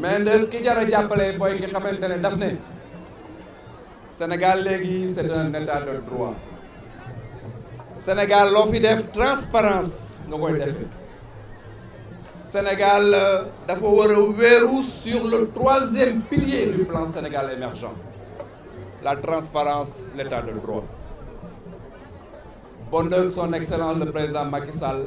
mais qui ki jar a jàppale booy ki xamante ne Daphné. Sénégal c'est un état de droit Sénégal fait de transparence Sénégal, il euh, Sénégal dafa verrou sur le troisième pilier du plan Sénégal émergent la transparence l'état de droit Bonne son excellence le président Macky Sall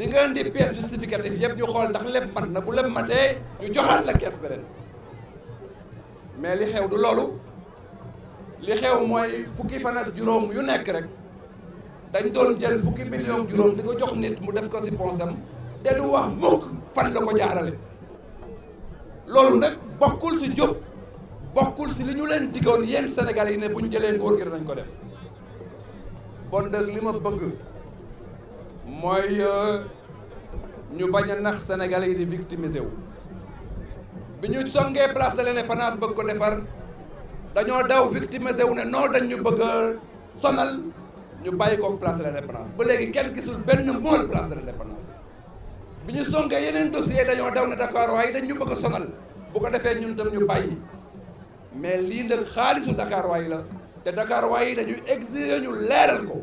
di nga indi pièce justificative yëpp ñu xool ndax lépp mat na bu lépp matee ñu joxaat la kees beneen mais li xew du loolu li xew mooy fukki fan juróom yu nekk rek dañ doon jël fukki million juróom di ko jox nit mu def ko ci poosam te du wax mukk fan la ko jaarale loolu nag bokkul ci jub bokkul ci li ñu leen diggoon yéen Sénégal yi ne bu ñu jëlee nguur gi nañ ko def bon dëgg li ma bëgg mooy euh, ñu bañ a nax sénégalais yi di victimiser wu bi ñu songee place de l'indépendance bëgg ko defar dañoo daw victimiser wu ne noonu dañ ñu bëgg a sonal ñu bàyyi ko place de l'indépendance ba léegi kenn gisul benn mool place de l'indépendance bi ñu songee yeneen dossier dañoo daw ne Dakar waaye dañ ñu bëgg a sonal bu ko defee ñun tam ñu bàyyi mais lii nag xaalisu Dakar waaye la te Dakar waaye dañuy exiger ñu leeral ko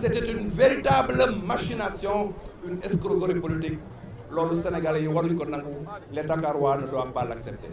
c'était une véritable machination une escroquerie politique du Sénégalais y waruñ ko nangu les Dakarois ne doivent pas l'accepter